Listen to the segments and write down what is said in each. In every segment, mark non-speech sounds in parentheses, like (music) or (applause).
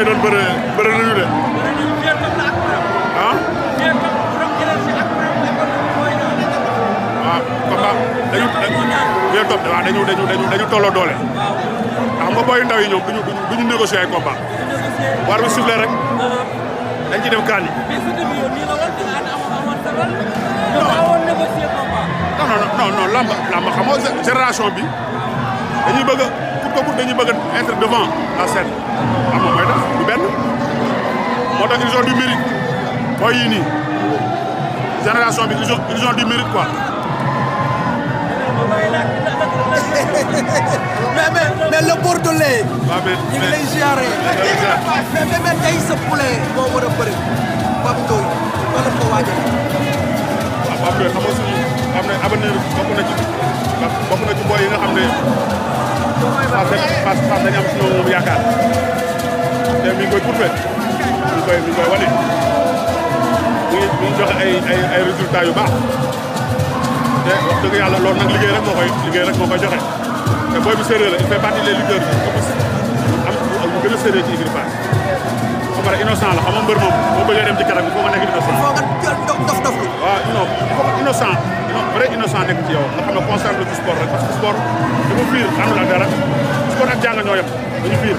yi doon bëre bëre nañu de. ah. waaw combat dañu dañu topp waaw dañu dañu dañu dañu tolloo doole. ndax nga booy ndaw yi ñoom duñu ñu du ñu négocier ay combat. war bi soufflé rek. dañ ciy dem kaan yi. non non non lamba lamba xam nga génération bi dañuy bëgg a pour dañuy bëgg a être devant la scène am na mooy tax moo tax ils ont du mérite booy yii nii génération bi ils ont ils ont du mérite quoi. (laughs) mais mais mais le Bordelais. waaw mais ñu ngi lay ziare. mais mais mais tey sa poulet boo war a bëri Pape Ndoye wala ko waajal. waaw ah, Pape Ndoye xam nga suñu xam ne avenir bokk na ci bokk na ci booy yi nga xam ne parce que parce que dañu am suñu yaakaar te mi ngi koy pourfait. ñu koy ñu koy wane muy muy joxe ay ay ay résultats yu baax te wax dëgg yàlla loolu nag liggéey rek moo koy liggéey rek moo koy joxe te booy bu séeréer la il fait partie des leaders yi ëpp si am bu gën a séeréer ci Idrissa ba pare innocent la xam nga mbër moom boo bëggee dem ci kanam bi foo nga nekk innocent. foo nga dof dof dof. waaw non foo nga innocent non vrai innocent nekk ci yow nga xam ne concerne le sport rek parce que sport dafa fiir àndul ak dara sport ak jàng ñoo yem dañu fiir.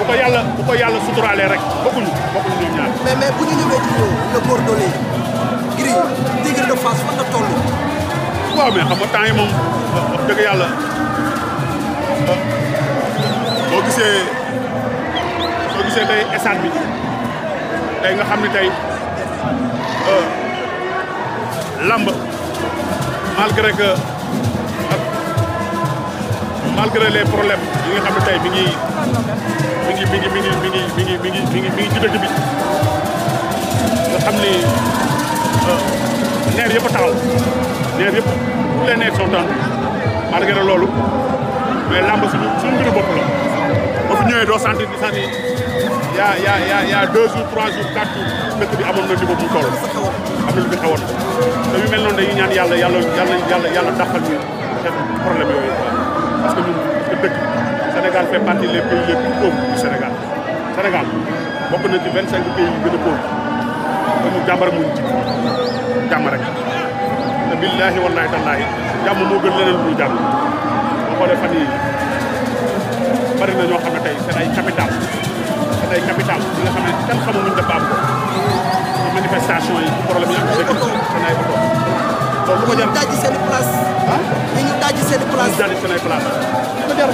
bu ko yàlla bu yàlla suturaalee rek bokkuñu bokkuñu ñoom ñaar. bu ñu ñëwee ci ñoom le Bordelais yi. Gris de Fass fan la waaw mais xam nga temps yi moom wax dëgg yàlla boo gisee tey estade bi tey nga xam ne tey euh, lamb malgré que malgré les nga xam ne tey mi ngi. ngi mi ngi mi ngi mi ngi mi ngi mi ngi mi ngi mi ngi ci dëkk bi nga xam ni euh, neer yëpp a taxaw neer yëpp pour les neer sont tendus malgré loolu mais làmb suñu suñu mbiru bopp la ba fi ñëwee doo sentir di sentir y' a y' a y' a deux jours trois jours quatre jours dëkk bi amoon na niveau bu mu toll am na lu fi xawoon te yu mel noonu dañuy ñaan yàlla yàlla yàlla yàlla yàlla dàqal ñu xeetu problème yooyu parce que ñun parce que dëkk Sénégal fait partie des pays les plus pauvres du Sénégal Sénégal bokk na ci 25 pays yu gën a pauvre te mu jàmbara muñ ci jàmm rek te billaahi wallaahi tallaahi jàmm moo gën leneen lu jàmm boo xoolee fan yii bari na ñoo xam ne tey seen ay capital seen ay capital bi nga xam ne kenn xamul nuñ def ba am ko manifestation yi problème yi am seen ay oto loolu lu ko jar daji seen place ah dañu daji seen place daji seen ay place lu ko jar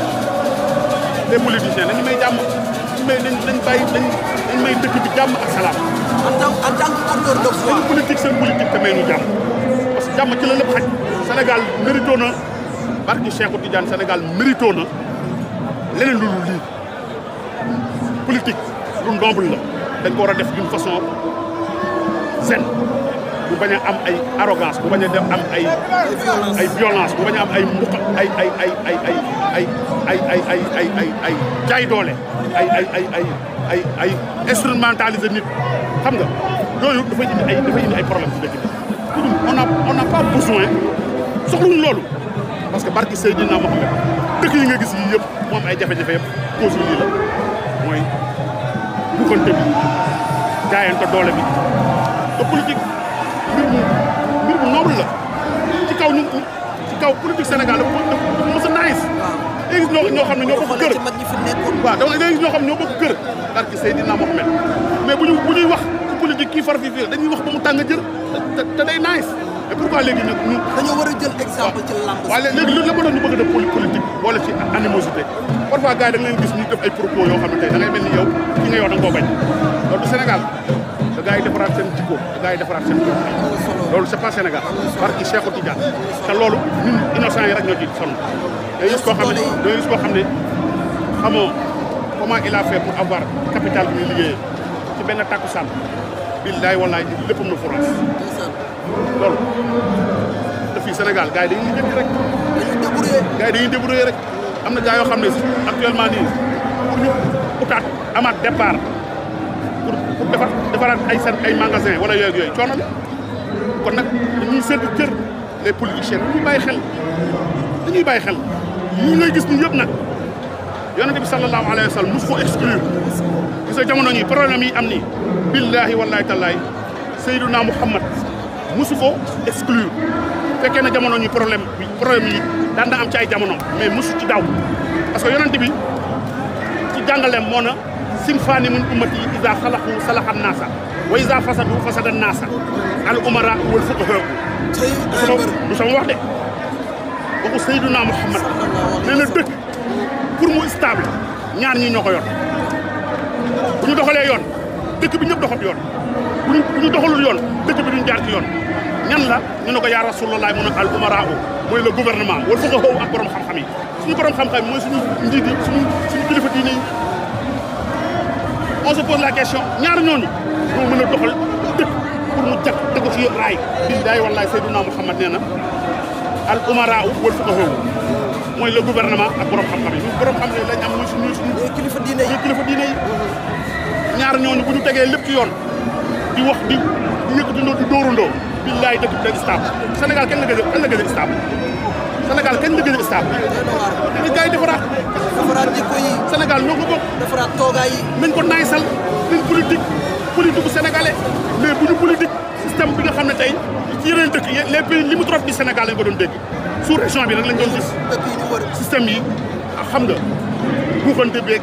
les politiciens nañu may jàmm nañu may nañu nañu bàyyi nañu nañu may dëkk ak salaam. en tant seen politique te may ñu jàmm parce que jàmm ci la xaj. Sénégal mérito na barki Cheikhou Tidiane Sénégal mérito leneen lu lii politique lu ndombul la dañ ko war a def d'une façon zen. bu bañ am ay arrogance bu bañ a dem am ay. violence bu bañ am ay mbuq ay ay ay. ay ay ay ay ay ay ay jaay doole ay ay ay ay ay ay instrumentaliser nit xam nga yooyu dafay indi ay ay problème ci dëkk bi on a on a pas besoin soxluñ loolu parce que barki Seydina Mohamed dëkk yi nga gis yëpp moom ay jafe-jafe yëpp cause lii la mooy bukkante bi jaayante doole bi te politique mbir mu mbir mu la ci kaw ñu ci kaw politique Sénégal la ngay gis ñoo xam ne ñoo bokk kër waaw da ngay gis ñoo xam ne mais bu ñuy wax ci politique kii far fi fii dañuy wax ba mu tàng jër te day nice et pourquoi léegi ñu dañoo war a jël exemple ci lamb la ma doon ñu bëgg def politique boole ci animosité parfois gars yi da nga leen ñu def propos yoo xam ne tey da ngay mel nga yow da bañ du Sénégal da gaa yi defaraat seen jikko da gaa yi defaraat seen jikko loolu c'est Sénégal barki Cheikhou Tidiane te loolu ñun innocent yi rek ñoo ci sonn day gis xam ne day gis koo xam ne xamoo comment il a fait pour avoir capital bi ñuy liggéeyee ci benn takkusaan billaay wallaay léppam na forage loolu te fii Sénégal gaa yi dañuy jënd rek gaa yi dañuy débrouiller rek am na gaa yoo xam ne actuellement nii utaat amaat départ pour defar defaraat ay seen ay magasin wala yooyu yooyu coono la kon nag ñuy seetlu cër les politiciens dañuy bàyyi xel dañuy bàyyi xel ñii ngay gis ñun yëpp nag yonente bi sallallahu alayhi wa sallam mos ko exclure gis nga jamono ñi problème yi am nii billahi wallahi tallahi sayyiduna muhammad mosu ko exclure fekkee na jamono ñi problème bi problème yi daan na am ci ay jamono mais mosu ci daw parce que yonente bi ci jàngaleem moo na سمفان من أمتي إذا خلقوا صلح الناس وإذا فسدوا فسد الناس الأمراء والفقهاء مشان واحد وقول سيدنا محمد من الدك كل مو استابل نعم نيجي نغير ندخل يون دك بنجيب دخل يون ندخل يون دك بنجيب يون نعم لا نيجي نغير رسول الله من الأمراء moy le gouvernement wal fuko ak borom xam xam yi suñu borom xam xam moy suñu ndidi suñu suñu kilifa diini on se pose la question ñaar ñooñu ñoo mën a doxal dëkk pour mu jag te ko ci yo raay billaay wallaay Seydina Muhammad nee na al umara wal fuqahaa mooy le gouvernement ak borom xam-xam yi borom xam-xam yi lañ am muy suñu suñu kilifa diine yi kilifa diine yi ñaar ñooñu bu ñu tegee lépp yoon di wax di di yëkkatindoo di dóorandoo billaay dëkk bi day stable Sénégal kenn la kenn la gëj Sénégal kañ la gën a stable. dañ koy defaraat. defaraat jikko yi. Sénégal ñoo ko bokk. defaraat toogaay yi. nañ ko naysal nañ politique bu ñu politique système bi nga xam ne tey ci yeneen dëkk yi les pays limitrophes du doon dégg sous région bi nag lañ doon gis. système yi xam nga buuxante beeg.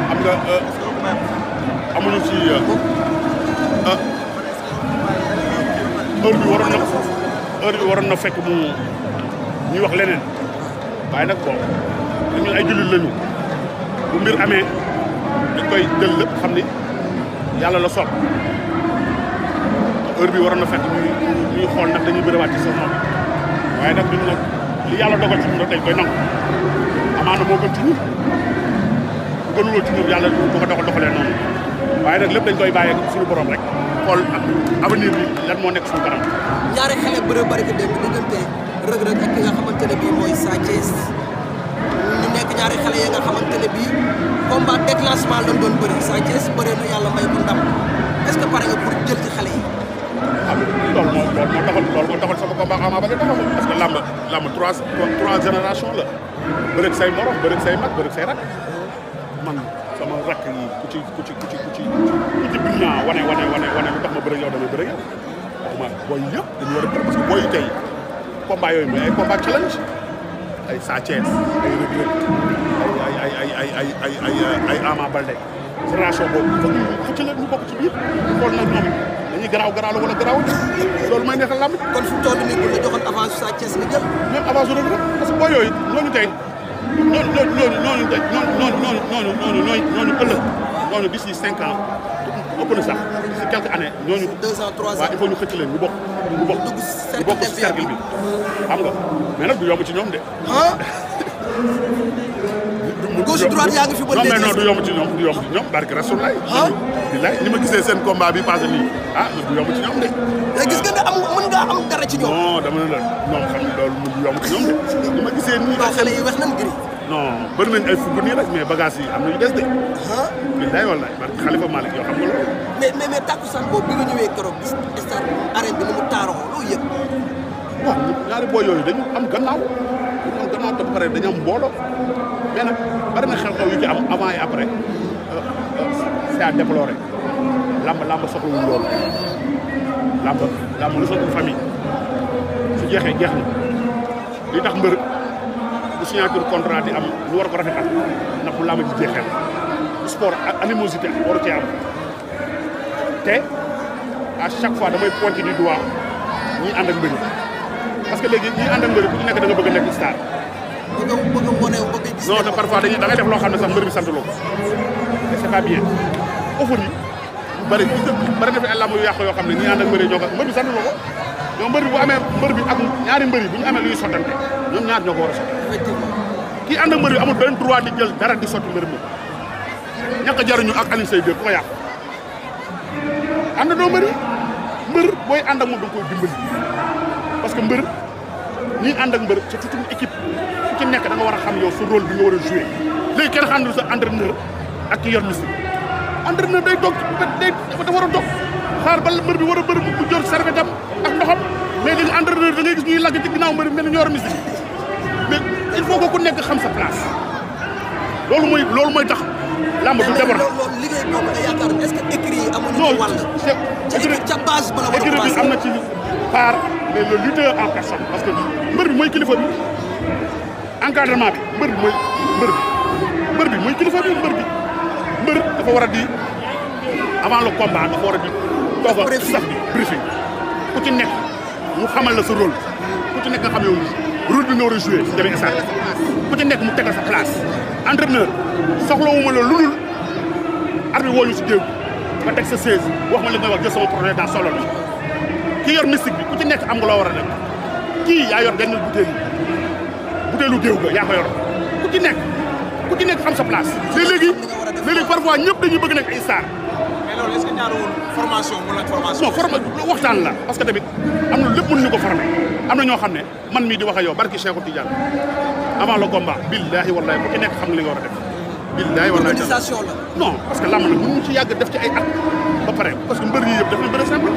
nga euh, amuñu ci euh, ah, heure bi waroon na heure waroon na fekk mu ñuy wax leneen waaye nag bon dañu ay jullit lañu bu amee dañ koy jël lépp xam ni yàlla la sol heure bi waroon na fekk ñuy ñuy xool ndax dañuy bëriwaat ci saison bi waaye nag ñun nag li yàlla dogal ci nangu amaana moo gën ci ñun. gënuloo ci ñun yàlla bu ko doxal doxalee waaye nag lépp dañ koy bàyyee suñu borom rek xool ak avenir moo nekk suñu kanam. ñaari xale bëre bari ko démb diggante Reug Reug ak nga xamante ne bii mooy Sa Thiès ñu nekk ñaari xale ya nga xamante ne bii combat déclenchement lañ doon bëri Sa Thiès bëree na yàlla may ko ndam est-ce pare nga pour jël ci xale yi. waaw loolu moo moo taxal sama combat Ama Baldé taxaw parce làmb làmb trois génération la bëri say suñu rakk yi ku ci ku ci ku ci ku ci ku ci brillant wane wane wane wane lu tax ma bëri yow damay bëri yow waxuma booy yëpp dañu war a bëri parce que ay combat challenge ay Sa Thiès ay Reug Reug ay ay ay ay ay ay ay ay Ama Baldé génération boobu foog ñu foog ci la ñu bokk ci biir xool nag ñoom dañuy garaaw garaaw la wala garaaw loolu may neexal làmb kon fu mu toll nii bu ñu joxoon avance Sa Thiès nga jël. même avance Reug Reug parce que booy yooyu ñooñu loolu loolu loolu noonu daj noonu noonu noonu noonu noonu noonu ëllëg noonu bis yi cinq ans ëpp na sax ñu xëcc leen ñu bokk. ñu bokk bi xam nga ci ñoom de. gauche droite yaa ngi ci ñoom barke Rasulaay. bilaay ni ma gisee seen combat bi passé nii ci ñoom de. waaw gis nga ne am mën ngaa ci ñoom. non dama la non ma gisee nii. xale yi wax nañ gëri. non bëri nañ ay fukki nii rek mais bagage yi am na yu des de. ah billaay wallaay parce que Xalifa Malick yoo xam nga loolu. mais mais mais takkusaan boobu bi nga ñëwee keroog gis stade arène bi ni mu taaroo loolu yëpp. ñaari booy yooyu dañu am gannaaw dañu am gannaaw te pare dañu am mbooloo mais nag bari na xew-xew yu ci am avant et après euh, euh, c'est à déplorer làmb làmb soxlawul loolu làmb làmb lu soxla famille su jeexee jeex na li tax mbër. bu signature contrat di am lu war ko rafetal ndax bu làmb ji jeexal sport animosité waru cee am te à chaque fois damay pointer du doigt ñi ànd ak mbëri parce que léegi ñi ànd ak mbëri ku ci nekk da nga bëgg a nekk star bëgg bëgg wone bëgg gis non te parfois dañuy da ngay def loo xam ne sax mbër bi sant loo et c'est pas bien offre yi lu bari gis nga bari def ay làmb yu yàqu yoo xam ñi ànd ak mbëri ñoo ko bi sant loo ko ñoom mbër bi bu amee mbër bi ak ñaari mbër yi bu ñu amee lu ñuy ñaar ñoo ko war a ki ànd ak amul ben droit di jël dara di soti mbër mi ñaka jaru ñu ak ali sey be ko ya ànd do mbër mbër boy ànd mu moom koy dimbali parce que mbër ñi ànd ak mbër c'est toute une équipe ku ci nekk da nga wara xam yow su rôle bi nga wara jouer lay kene xam lu sa entraîneur ak ki yor mystique entraîneur day dog day da wara dog xaar ba mbër bi wara a bu jor serviette ak ndoxam mais li entraîneur da ngay gis ñuy lag ci ginaaw mbër mel ñor ñoo il faut que ku nekk xam sa place loolu mooy loolu mooy tax. lamb du déborder mais liggéey boobu nga yaakaar est-ce que écrit yi amuñu wàll. ca base ba la war a passé am na ci part mais le lutteur en personne parce que mbër bi mooy kilifa bi encadrement bi mbër bi mooy mbër bi mbër bi mooy kilifa bi mbër bi mbër dafa war a di avant le combat dafa war a di tooga sax bi briefing ku ci nekk mu xamal la sa rôle ku ci nekk nga xam yow rôle bi nga war a joué demee stade ku ci nekk mu tegal sa place entraîneur soxlawuma la ludul arbitre woo ñu si dégg nga teg sa chaise wax ma li nga wax jël sama projet dans solo bi kii yor mystique bi ku ci nekk am nga loo war a def kii yaa yor benn butéelu butéelu géew ga yaa ko yor ku ci ku ci nekk am sa place léeg-léegi léeg-léegi parfois ñëpp dañuy bëgg nekk ay star ñaaru woon formation formation. non la parce que tamit am na lépp mënuñu ko former am na man mii di wax ak yow barki Cheikhou Tidiane avant le combat billahi wallahi ku nekk xam li nga war def. billahi wallahi organisation la. non parce que lamb nag ci def ci ay at ba parce que yi def simple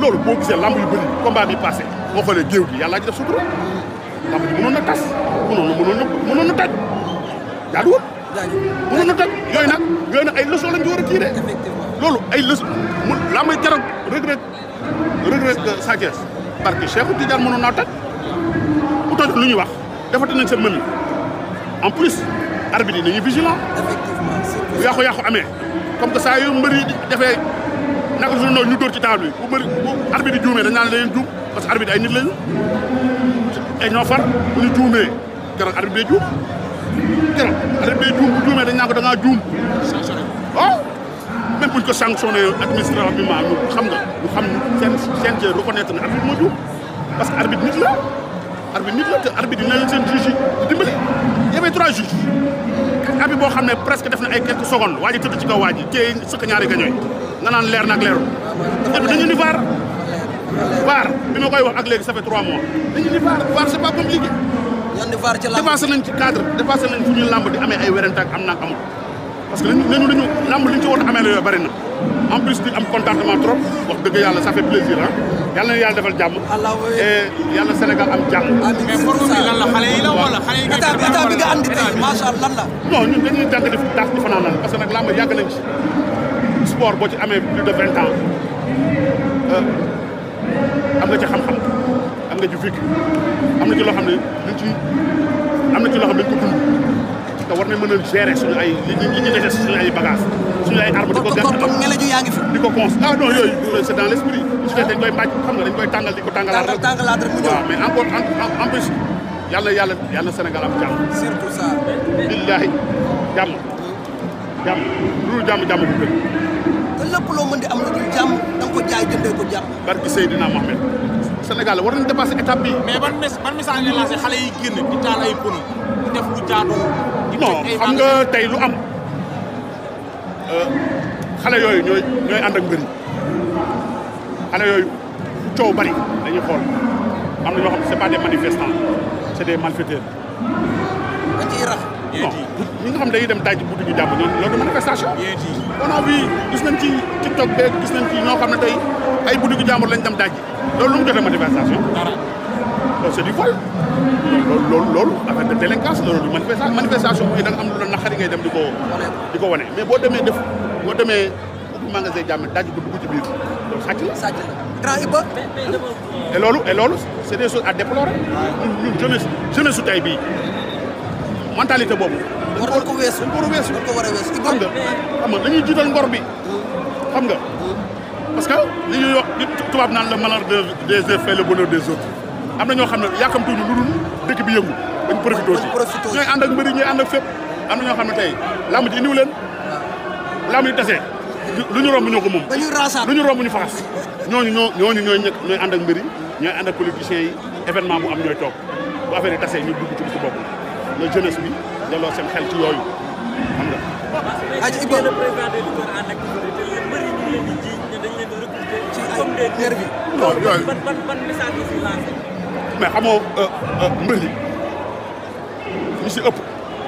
loolu boo gisee lamb yu bëri combat bi passé boo xoolee géew gi yàllaa ci def sutura lamb ji mënoon na tas mënoon na mënoon na mënoon na taj na ay leçon lañ effectivement loolu ay lës mu laa may keroog regret regret Sa parce que Cheikh Tidiane mënoon naa toj bu toj lu ñuy wax defati nañ seen mën yi en plus arbitre yi nañu vigilant bu yàqu-yàqu amee comme que saa yu mbëri defee naka su noonu ñu dóor ci table bi bu mbëri bu yi juumee dañ naan juum parce que arbitre ay nit lañu ay ñoo far bu ñu juumee keroog arbitre day juum keroog arbitre day juum bu juumee dañ naan juum buñ ko sanctionné administrativement ñu xam nga ñu xam sen sen je reconnaître na arbitre moo parce que arbitre nit la arbitre nit la te arbitre dina len sen juge di dimbali il y avait trois juges abi bo xamné presque def na ay quelques secondes waji tuddu ci kaw waji te téye ñaari gañooy nga nan leer nak leerul et dañu ni var var bima koy wax ak légui ça fait 3 mois dañu ni var var c'est pas compliqué ñu ni var ci la dépassé nañ ci cadre dépassé nañ fu ñu lamb di amé ay werante ak am naa amul parce que li ñu li ñu làmb li ñu ci war a améliorer bari na en plus di am contentement trop wax dëgg yàlla ça fait plaisir ah yàlla na yàlla defal jàmm. et yàlla Sénégal am jàmm. mais forme bi lan la xale jàng di daaf di fanaan parce que nag làmb yàgg nañ ci sport boo ci amee plus de vingt ans euh, am nga ci xam-xam am nga ci am na ci loo xam ne dañ am na ci loo xam ne dañ que war nañ mën a gérer suñu ay li ñu dese suñu ay bagage suñu ay arme di ko gàtt kon ngelaw fi di cons ah non yooyu c' dans l' esprit su dañ koy màcc xam nga dañ koy di ko tàngalaat rek tàngalaat mu ñëw mais encore en en plus yàlla yàlla yàlla Sénégal am jàmm surtout ça billahi lu te mën di am lu dul jàmm ko jaay ko barki Sénégal war nañ dépasser étape bi mais ban mes ban message nga lancé xale yi génn di taal ay pono di def jaadu non xam nga tey lu am euh, xale yooyu ñooy ñooy ànd ak mbir xale yooyu coow bari dañuy xool am na ñoo xam ne c'est pas des manifestants c'est des malfaiteurs. da nga xam dañuy dem daj guddi ñu jàpp ñoo loolu du manifestation. on gis nañ ci TikTok beeg gis nañ ñoo xam ne tey ay guddi gi jàmbur lañ dem daj loolu lu mu jotee manifestation. dara. c'est du vol loolu loolu loolu affaire de délinquance loolu du manifestation manifestation bu da nga am lu la naqari ngay dem di ko di ko wane mais boo demee def boo demee ubbi magasin jàmm daj ko dugg ci biir loolu sàcc la sàcc la loolu et loolu c'est des choses à déplorer ñun ñun jeunesse jeunesse su tey bii mentalité boobu war ko ko weesu ko war a weesu xam nga dañuy jiital ngor bi xam nga parce que li ñuy wax tubaab naan le malheur des uns le bonheur des autres am na ñoo xam ne yàkkamtuñu lu dul dëkk bi yëngu dañ profité aussi ñooy ànd ak mbëri ñooy ànd ak fépp am na ñoo xam ne tey lamb ji indiw leen ah. lamb ji tasee lu ñu romb ko moom lu ñu romb ñu faxas ñooñu ñoo ñooñu ñooy ñëkk ñooy ànd ak mbëri ñooy ànd ak politiciens yi événement bu am ñooy toog bu affaire yi tasee ñu dugg ci bisu bopp la jeunesse bi delloo seen xel yooyu mais xamoo euh, euh, mbër yi ñu si ëpp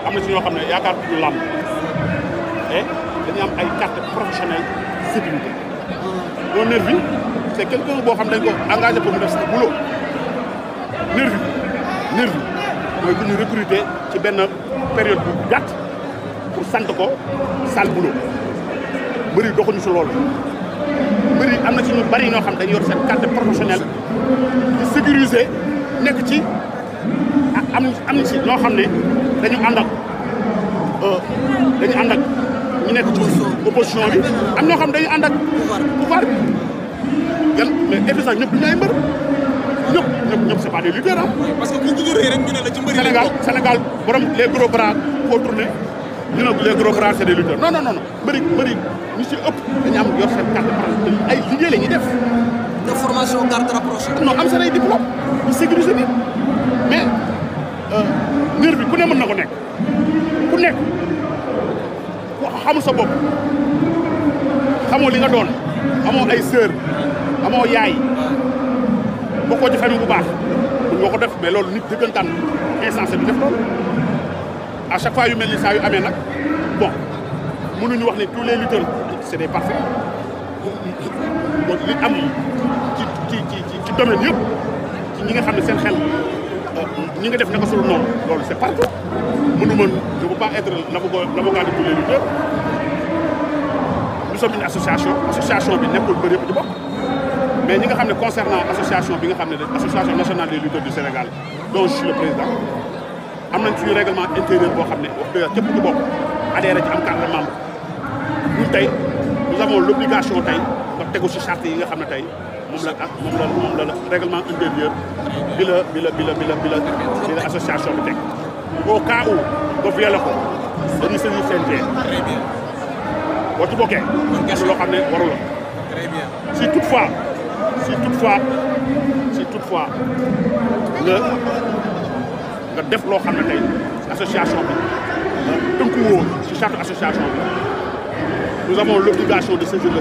am na si ñoo xam ne yaakaar du làmb te dañu am ay boo xam dañ ko engagé pour mu def si ci benn période bu sant ko sal boulot si loolu am na si ñu bari ñoo xam dañu yor seen carte professionnelle di nekk ci am am na si ñoo xam ne dañu ànd ak euh, dañu ànd ak ñu nekk ci opposition bi am ñoo xam dañu ànd ak pouvoir bi yan mais épisode ñëpp duñu ay mbër ñëpp ñëpp ñëpp c'est pas des lutteurs parce que bu ñu rek ñu ne la ci mbëri borom les gros bras foo tourné ñu ne les gros bras c'est des lutteurs non non non mbëri mbëri ñu si ëpp dañu am yor seen carte ay liggéey la ñuy def formation garde rapprochée. non am seen ay diplôme ñu sécuriser nit mais mbir euh, bi ku ne mën na ko nekk ku nekk ku xamul sa bopp xamoo li nga doon amoo ay sœur amoo yaay boo ci famille bu baax mun nga ko def mais loolu nit dëggantaan insensé bi def loolu à chaque fois yu mel ni saa yu amee nag bon mënuñu wax ne tous les lutteurs c'est des parfaits li am ci ci ci domaine yëpp ci ñi nga xam ne seen xel ñi nga def naka sulu noonu loolu c'est partout mënu mën je peux pas être l'avocat de tous les lutteurs nous sommes une association association bi nekkul mbër yëpp ci bokk mais ñi nga xam concernant association bi nga xam association nationale des lutteurs du Sénégal dont je suis le président am nañ suñu règlement intérieur boo xam ne wax dëgg képp ku bokk adhéré am carte membre ñun nous avons l'obligation tey nga tegu ci charte yi nga xam ne nous règlement intérieur C'est l'association au cas où si toutefois si toutefois si toutefois Le association nous avons l'obligation de saisir le